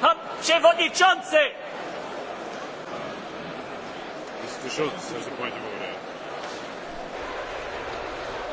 Pan przewodniczący! Jest że pani mówi.